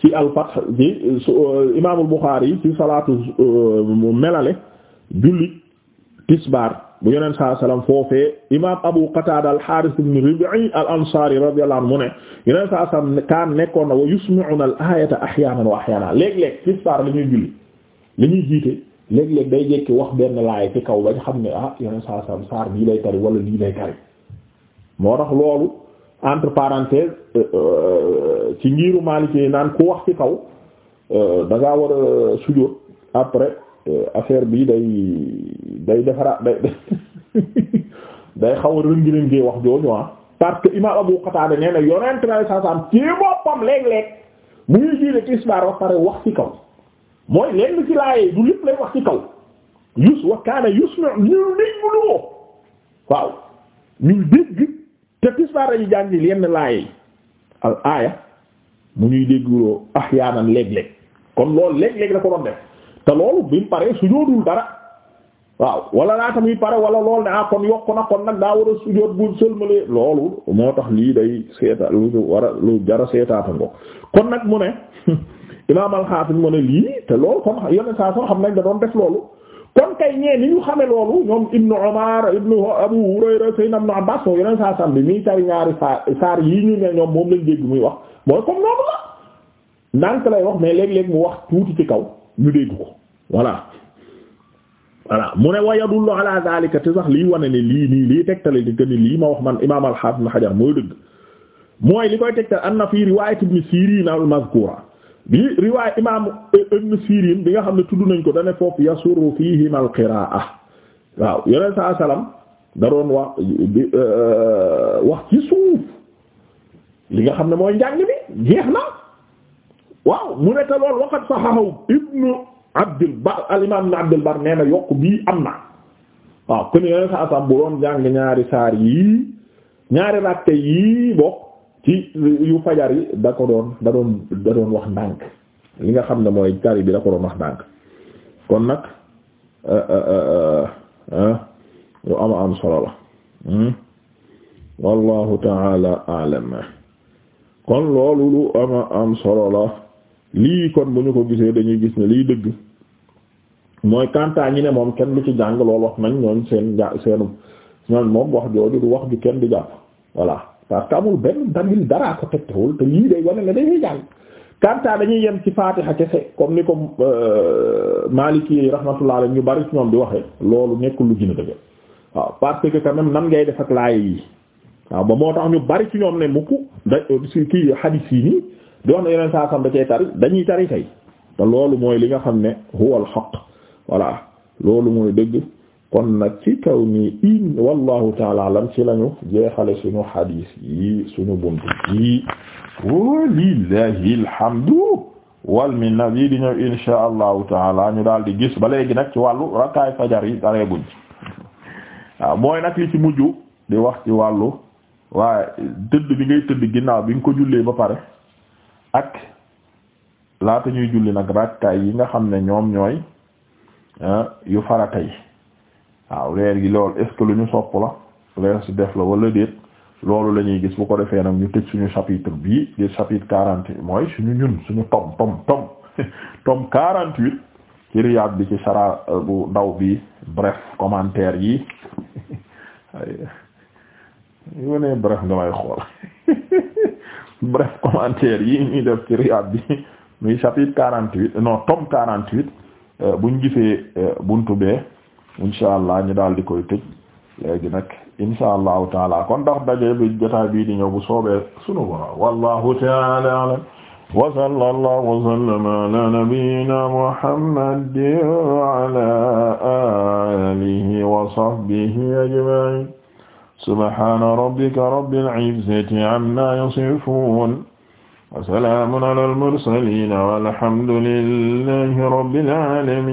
ci al-Fath bi euh, imaam al-Buxaari ci salaatu melale julli tisbaar bu yeneen saa salaam foofee imaam Abu Qataada al-Haaris ibn Rib'i al-Ansaari radiyallahu anhu mu ne yeneen saa salaam kaan nekkoon na wa yusmi'una al-aayata ahyaanan wa ahyaanan léeg-léeg tisbaar la ñuy julli la ñuy jiite léeg-léeg day jekki wax benn laay ci kaw bañ xam ne ah yeneen saa sam saar bii lay tari wala lii lay tari moo tax loolu entre parenthèses euh, euh, ci ngiru Maliki naan ku wax ci kaw euh, da war a sujjóot après affaire bii day day defaraat day day xaw a rëngi-rëngee wax jooju ah parce que imam Abu Qatada nee yonent na saa sam ci boppam léeg-léeg mu ngi jiite tisbaar ba pare wax ci kaw mooy lenn ci laayee du lépp lay wax ci kaw yus wa kaana yusma' ñu dégg lu waaw ñu dégg te tisbaar lañu jàngi yenn laayee al aaya mu ñuy dégguloo ahyaanan léeg-léeg kon loolu léeg-léeg la ko doon def te loolu bi mu paree sujóotul dara waaw wala laata muy pare wala loolu ne ah kon yokk na kon nag daa war a sujóot bu sëlmalee loolu moo tax lii day seeta lu war a lu jara seetaata ngo kon nag mu ne imaam al-Hafiz ne lii te loolu kon yeneen saa soo xam nañ da doon def loolu kon kay ñee ni ñu xame loolu ñoom ibnu Umar ibnu Abu Hurayra sayna ibnu Abbas moom saar yii ñu ne ñoom moom lañ dégg muy wax mooy comme noonu la ndànk lay wax mais léeg-léeg mu wax tuuti ci kaw ñu dégg ko voilà voilà mu ne wa yadullu lii wane ne lii nii lii wax man imaam al-Hafiz mooy dëgg mooy li koy tegtal anna fi riwaayat ibn Sirin al-mazkura bi riwaay imaam ibn Sirin bi nga xam ne tudd nañ ko dane foofu yasuru fihim al qiraa waaw yeneen saa salaam da doon wax euh, wax ci suuf li nga xam ne mooy njàng bi jeex na waaw mu ne te lool waqat sahahu ibnu Abdul Bar al imaam Abdul Bar nee na yokk bii am na waaw kon yeneen saa salaam bu doon jàng ñaari saar yii ñaari ràkke yii bokk ci yu fajar yi da ko doon da doon da doon wax ndànk li nga xam ne mooy tari bi da ko doon wax ndànk kon nag euh, euh, euh, lu ama am solo la hmm? wallahu taala loolu am solo la lii kon bu ñu ko gisee dañuy gis ne lii dëgg mooy kantaa ñi ne moom kenn lu ci jàng loolu wax nañ ñooñ seen nja seenu ñooñ moom wax jooju du wax ju kenn du jàpp voilà parce que amul benn dalil daraa ko tegtewul te lii day wane ne dañuy jàng kanta dañuy yenn ci faatiha kese comme ni ko euh, Maliki yi rahmatullah alayhi ñu bari ci ñoom di waxee loolu nekkul lu gën dëgg waaw parce que quand même ngay def ak laay yi waaw ba moo tax ñu bari ci ñoom ne mukk da kii hadis yi nii di wax ne yeneen saa sam da cay tari dañuy tari kay te loolu mooy li nga xam ne huwal haqq voilà loolu mooy dëgg kon nag ci kaw nii in wallahu taala alam ci lañu jeexale suñu xadiis yi suñu bunt yi walillahi alhamdu wal minna bii di ñëw insha allahu taala ñu daal di gis ba léegi nag ci wàllu rakkaay fajar yi daree waaw mooy nag li ci mujj di wax ci wàllu waaye tëdd bi ngay tëdd ginnaaw bi nga ko jullee ba pare ak laata ñuy julli nag rakkaay yi nga xam ne ñoom ñooy ah, yu farata yi waaw leer gi loolu est-ce que lu ñu sopp la leer si def la wala déet loolu la ñuy gis bu ko defee nag ñu tëj suñu chapitre bii di chapitre quarante mooy suñu ñun suñu tom tom tom tom quarante huit ci Riyad bi ci sara euh, bu ndaw bi bref commentaire yi yo ne bref nga may xool bref commentaire yi ñuy def ci Riyad bi muy chapitre quarante huit non tom quarante huit euh, buñ gisee euh, buntu bee incha allah ñu daal di koy tëj léegi nag incha allahu taala kon ndax daje bi jotaay bii di ñëw bu soobee sunu borom wallahu taala alam wa sallallahu wa sallama ala nabiyyina muhammadin wa ala alihi wa sahbihi ajma'in subhana rabbika rabbil izzati amma yasifun wa salamun ala al mursalin walhamdulillahi rabbil alamin